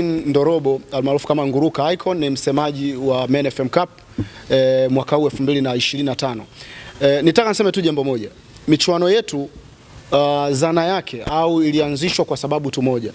Ndorobo almaarufu kama Nguruka Icon ni msemaji wa Men FM Cup e, mwaka huu 2025. E, eh, nitaka niseme tu jambo moja. Michuano yetu uh, zana yake au ilianzishwa kwa sababu tu moja.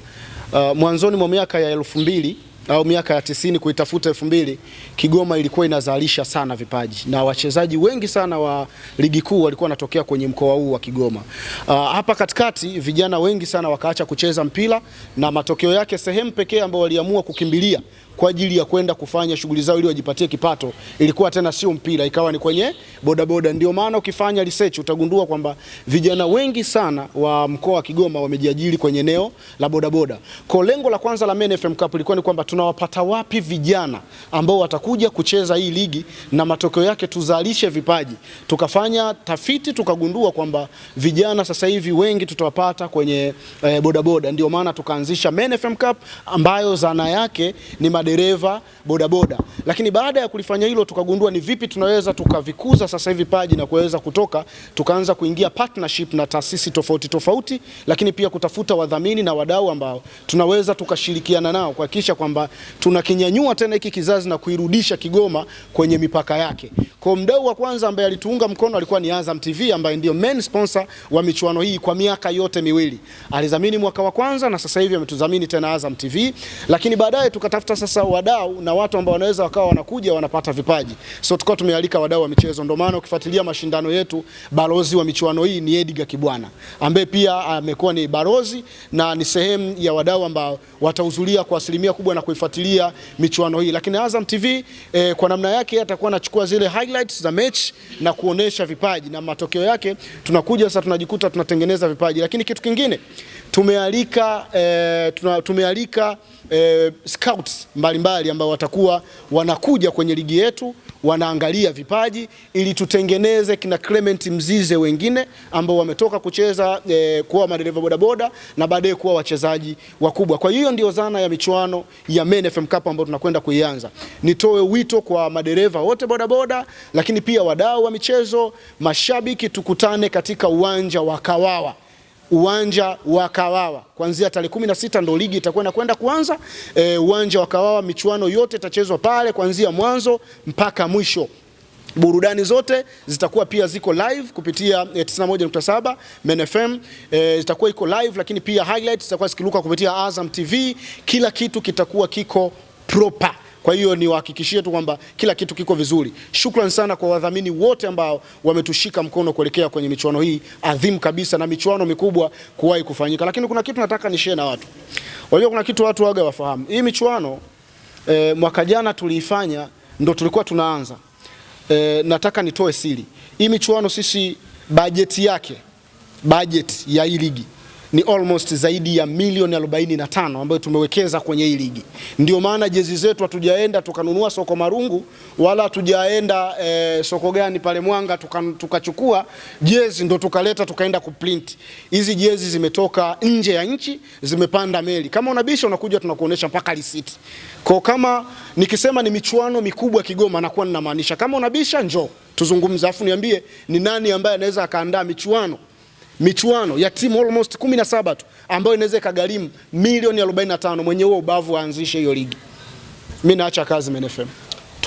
Uh, mwanzoni mwa miaka ya elfu mbili au miaka ya tisini kuitafuta elfu mbili Kigoma ilikuwa inazalisha sana vipaji na wachezaji wengi sana wa ligi kuu walikuwa wanatokea kwenye mkoa huu wa Kigoma. Uh, hapa katikati vijana wengi sana wakaacha kucheza mpira na matokeo yake sehemu pekee ambayo waliamua kukimbilia kwa ajili ya kwenda kufanya shughuli zao ili wajipatie kipato ilikuwa tena sio mpira, ikawa ni kwenye bodaboda. Ndio maana ukifanya research utagundua kwamba vijana wengi sana wa mkoa wa Kigoma wamejiajiri kwenye eneo la bodaboda. Kwa lengo la kwanza la Men FM Cup ilikuwa ni kwamba tunawapata wapi vijana ambao watakuja kucheza hii ligi na matokeo yake tuzalishe vipaji. Tukafanya tafiti tukagundua kwamba vijana sasa hivi wengi tutawapata kwenye e, bodaboda. Ndio maana tukaanzisha Men FM Cup ambayo zana yake ni madereva bodaboda, lakini baada ya kulifanya hilo tukagundua ni vipi tunaweza tukavikuza sasa hivi vipaji na kuweza kutoka, tukaanza kuingia partnership na taasisi tofauti tofauti, lakini pia kutafuta wadhamini na wadau ambao tunaweza tukashirikiana nao kuhakikisha kwamba kwamba tunakinyanyua tena hiki kizazi na kuirudisha Kigoma kwenye mipaka yake. Kwa mdau wa kwanza ambaye alituunga mkono alikuwa ni Azam TV ambaye ndio main sponsor wa michuano hii kwa miaka yote miwili. Alidhamini mwaka wa kwanza na sasa hivi ametudhamini tena Azam TV, lakini baadaye tukatafuta sasa wadau na watu ambao wanaweza wakawa wanakuja wanapata vipaji. So tukao tumealika wadau wa michezo, ndio maana ukifuatilia mashindano yetu balozi wa michuano hii ni Edgar Kibwana ambaye pia amekuwa ni balozi na ni sehemu ya wadau ambao watahudhuria kwa asilimia kubwa na kuifuatilia michuano hii, lakini Azam TV e, eh, kwa namna yake atakuwa anachukua zile highlights za mechi na kuonesha vipaji na matokeo yake, tunakuja sasa tunajikuta tunatengeneza vipaji. Lakini kitu kingine tumealika e, tuna, tumealika e, scouts mbalimbali ambao watakuwa wanakuja kwenye ligi yetu wanaangalia vipaji ili tutengeneze kina Clement Mzize wengine ambao wametoka kucheza e, kuwa madereva bodaboda na baadaye kuwa wachezaji wakubwa. Kwa hiyo ndio zana ya michuano ya Men FM Cup ambayo tunakwenda kuianza. Nitoe wito kwa madereva wote bodaboda, lakini pia wadau wa michezo, mashabiki, tukutane katika uwanja wa Kawawa uwanja wa Kawawa kuanzia tarehe sita ndo ligi itakuwa inakwenda kuanza. E, uwanja wa Kawawa, michuano yote itachezwa pale kuanzia mwanzo mpaka mwisho. Burudani zote zitakuwa pia ziko live kupitia 91.7 Men FM, e, zitakuwa iko live, lakini pia highlights zitakuwa zikiruka kupitia Azam TV. Kila kitu kitakuwa kiko proper. Kwa hiyo niwahakikishie tu kwamba kila kitu kiko vizuri. Shukran sana kwa wadhamini wote ambao wametushika mkono kuelekea kwenye michuano hii adhimu kabisa na michuano mikubwa kuwahi kufanyika. Lakini kuna kitu nataka nishare na watu. Unajua kuna kitu watu waga wafahamu. Hii michuano e, mwaka jana tuliifanya ndo tulikuwa tunaanza. E, nataka nitoe siri. Hii michuano sisi bajeti yake bajeti ya hii ligi ni almost zaidi ya milioni 45 ambayo tumewekeza kwenye hii ligi. Ndio maana jezi zetu hatujaenda tukanunua soko marungu wala hatujaenda e, soko gani pale Mwanga tukachukua tuka jezi ndo tukaleta tukaenda kuprint. Hizi jezi zimetoka nje ya nchi, zimepanda meli. Kama unabisha unakuja tunakuonesha mpaka risiti. Kwa kama nikisema ni michuano mikubwa Kigoma nakuwa ninamaanisha. Kama unabisha njoo tuzungumze, afu niambie ni nani ambaye anaweza akaandaa michuano michuano ya timu almost 17 tu ambayo inaweza ikagharimu milioni 45. Mwenye huo ubavu aanzishe hiyo ligi. Mimi naacha kazi MNFM.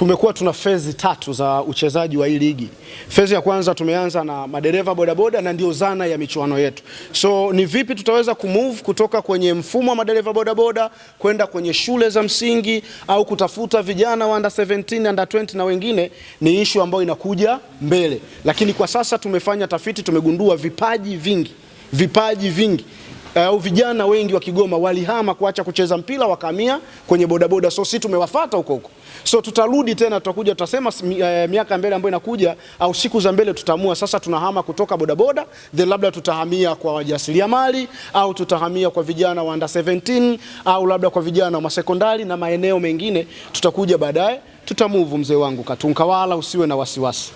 Tumekuwa tuna fezi tatu za uchezaji wa hii ligi. Fezi ya kwanza tumeanza na madereva bodaboda, na ndio zana ya michuano yetu. So ni vipi tutaweza kumove kutoka kwenye mfumo wa madereva bodaboda kwenda kwenye shule za msingi au kutafuta vijana wa under 17, under 20 na wengine, ni ishu ambayo inakuja mbele, lakini kwa sasa tumefanya tafiti, tumegundua vipaji vingi, vipaji vingi Eh, au uh, vijana wengi wa Kigoma walihama kuacha kucheza mpira wakahamia kwenye bodaboda, so si tumewafata huko huko, so tutarudi tena, tutakuja tutasema, uh, miaka mbele ambayo inakuja au siku za mbele tutaamua sasa tunahama kutoka bodaboda, then labda tutahamia kwa wajasiriamali au tutahamia kwa vijana wa under 17 au labda kwa vijana wa masekondari na maeneo mengine, tutakuja baadaye, tutamove mzee wangu Katunkawala, usiwe na wasiwasi.